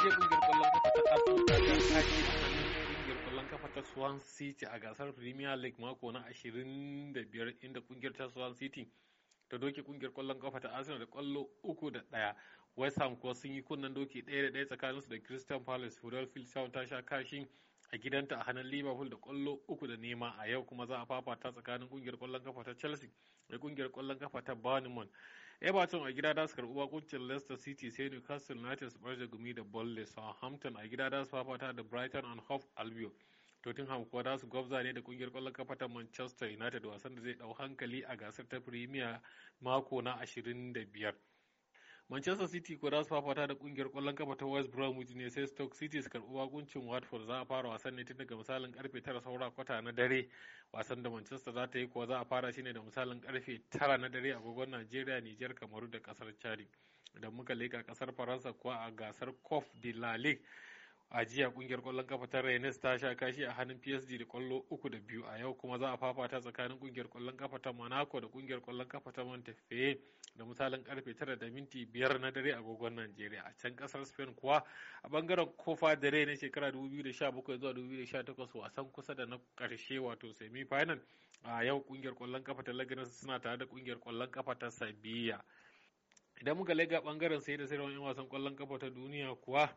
jiya kungiyar kwallon kafa ta afirka ta kaji kungiyar kwallon kafa ta swan city a gasar premier league mako na 25 inda kungiyar ta swan city ta doke kungiyar kwallon kafa ta arsenal da kwallo 3 da 1. west ham kuwa sun yi kunnen doki daya da daya tsakaninsu da christian palace philadelphia town ta sha kashin a gidanta a hannun liverpool da kwallo uku da nema a yau kuma za a fafata tsakanin kungiyar kwallon kafa ta chelsea da kungiyar kwallon kafa ta bournemouth everton a gida da su karbi bakuncin leicester city sai newcastle united su barje gumi da bolle southampton a gida da su fafata da brighton and hove albion Tottenham kuwa za su gwabza ne da kungiyar kwallon kafa ta Manchester United wasan da zai dau hankali a gasar ta Premier mako na 25. Manchester City ko za su fafata da kungiyar kwallon kafa ta West Bromwich ne sai Stoke City su karbi wakuncin Watford za a fara wasan ne tun daga misalin karfe 9 saura kwata na dare. Wasan da Manchester za ta yi kuwa za a fara shi ne da misalin karfe 9 na dare a agogon nigeria Niger, Kamaru da kasar Chadi. Idan muka leka kasar Faransa kuwa a gasar Cof de la Ligue a jiya kungiyar kwallon kafa ta Rennes ta sha kashi a hannun PSG da kwallo uku da biyu a yau kuma za a fafata tsakanin kungiyar kwallon kafa ta Monaco da kungiyar kwallon kafa ta Montefiore da misalin karfe tara da minti biyar na dare agogon Najeriya a can kasar Spain kuwa a bangaren Copa del Rey na shekara 2017 zuwa 2018 wasan kusa da na karshe wato semi final a yau kungiyar kwallon kafa ta Leganes suna tare da kungiyar kwallon kafa ta Sevilla idan muka lega bangaren sai da sayarwa wasan kwallon kafa ta duniya kuwa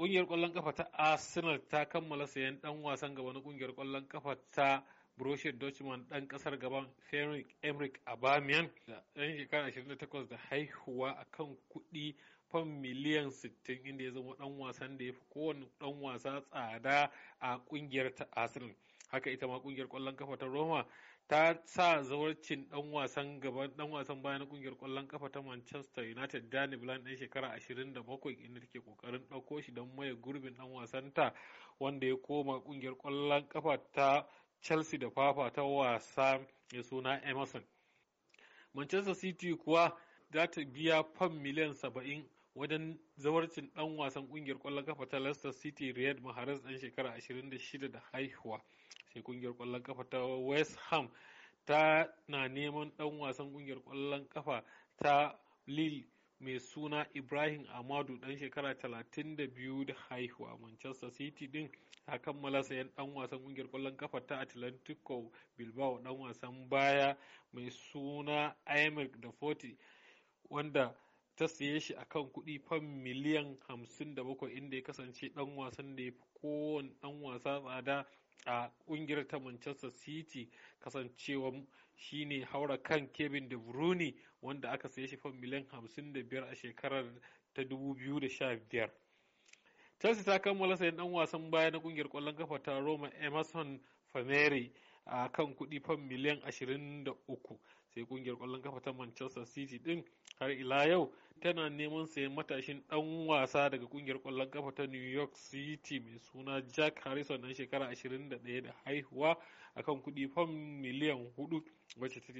kungiyar kwallon kafa ta Arsenal ta kammala sayan ɗan wasan gaba na ƙungiyar kwallon kafa ta Borussia Dortmund dan ƙasar gaban Henrik Emric Aubameyang da yan shekara 28 da haihuwa akan kuɗi fam miliyan 60 inda ya zama ɗan wasan da ya fi kowane ɗan wasa tsada a ƙungiyar ta Arsenal. haka ita ma kungiyar kwallon kafa ta Roma ta sa zawarcin dan wasan gaban dan wasan baya na kungiyar kwallon kafa ta Manchester United Danny Bland dan shekara 27 inda take kokarin dauko shi don maye gurbin dan wasanta wanda ya koma kungiyar kwallon kafa ta Chelsea da fafa ta wasa ya suna Emerson Manchester City kuwa za ta biya fam miliyan 70 wajen zawarcin dan wasan kungiyar kwallon kafa ta Leicester City Riyad Mahrez dan shekara 26 da haihuwa sai kungiyar kwallon kafa ta west ham ta na neman dan wasan kungiyar kwallon kafa ta lille mai suna ibrahim amadu dan shekara 32 da haihuwa manchester city din a kammala sayan dan wasan kungiyar kwallon kafa ta atlantico bilbao dan wasan baya mai suna imec da 40 wanda ta siye shi a kan kuɗi fam miliyan hamsin da bakwai inda ya kasance ɗan wasan da ya fi kowane ɗan wasa tsada a ƙungiyar ta Manchester City kasancewa shine haura kan Kevin De Bruyne wanda aka siye shi fam miliyan hamsin da biyar a shekarar ta 2015. Chelsea ta kammala sayan ɗan wasan baya na ƙungiyar kwallon kafa ta Roma Emerson Fameri a kan kuɗi fam miliyan uku. sai kungiyar kwallon kafa ta Manchester City din har ila yau tana neman sayan matashin dan wasa daga kungiyar kwallon kafa ta New York City mai suna Jack Harrison dan shekara 21 da haihuwa akan kudi fam miliyan 4 wacce ce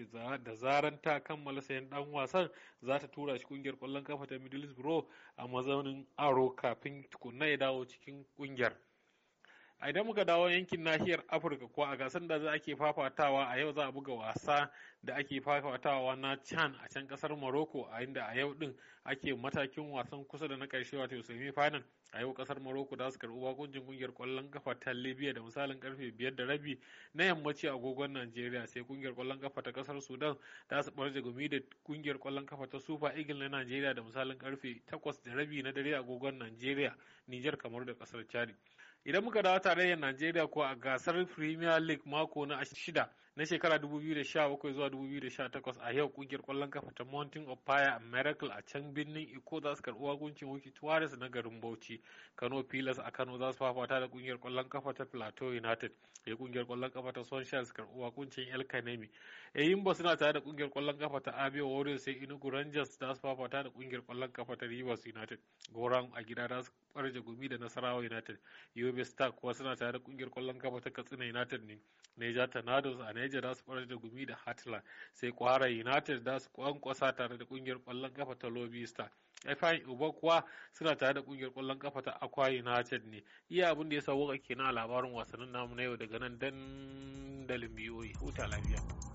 da zaran ta kammala sayan dan wasan za ta tura shi kungiyar kwallon kafa ta Middlesbrough a mazaunin aro kafin tukunna ya dawo cikin kungiyar. a idan muka dawo yankin nahiyar afirka ko a gasar da ake fafatawa a yau za a buga wasa da ake fafatawa na chan a can kasar morocco a inda a yau din ake matakin wasan kusa da na karshe wato semi final a yau kasar morocco za su karbi bakuncin kungiyar kwallon kafa ta libya da misalin karfe biyar da rabi na yammaci agogon nigeria sai kungiyar kwallon kafa ta kasar sudan za su barje gumi da kungiyar kwallon kafa ta super eagle na nigeria da misalin karfe takwas da rabi na dare agogon nigeria nijar kamar da kasar chad Idan muka dawo tarayyar Najeriya ko a gasar Premier League mako na shida na shekara 2017 zuwa 2018 a yau kungiyar kwallon kafa ta Mountain of Fire and Miracle a can birnin Iko za su karbi waguncin Wiki Tuwaris na garin Bauchi. Kano Pilas a Kano za su fafata da kungiyar kwallon kafa ta Plateau United ya kungiyar kwallon kafa ta Sunshine su karbi waguncin El Kanemi. Eyimba suna tare da kungiyar kwallon kafa ta Abia Warriors sai inugu Rangers za su fafata da kungiyar kwallon kafa ta Rivers United. Goran a gida za su farje gumi da Nasarawa United. Yobe Star kuwa suna tare da kungiyar kwallon kafa ta Katsina United ne. ta Tornadoes a Niger za su da gumi da Hatland sai kwara United za su kwankwasa tare da kungiyar kwallon kafa ta Lobby Star. FI kuwa suna tare da kungiyar kwallon kafa ta Akwa United ne. Iya abin da ya sa ke kenan a labarin wasannin namu na yau daga nan dandalin biyoyi. Huta lafiya.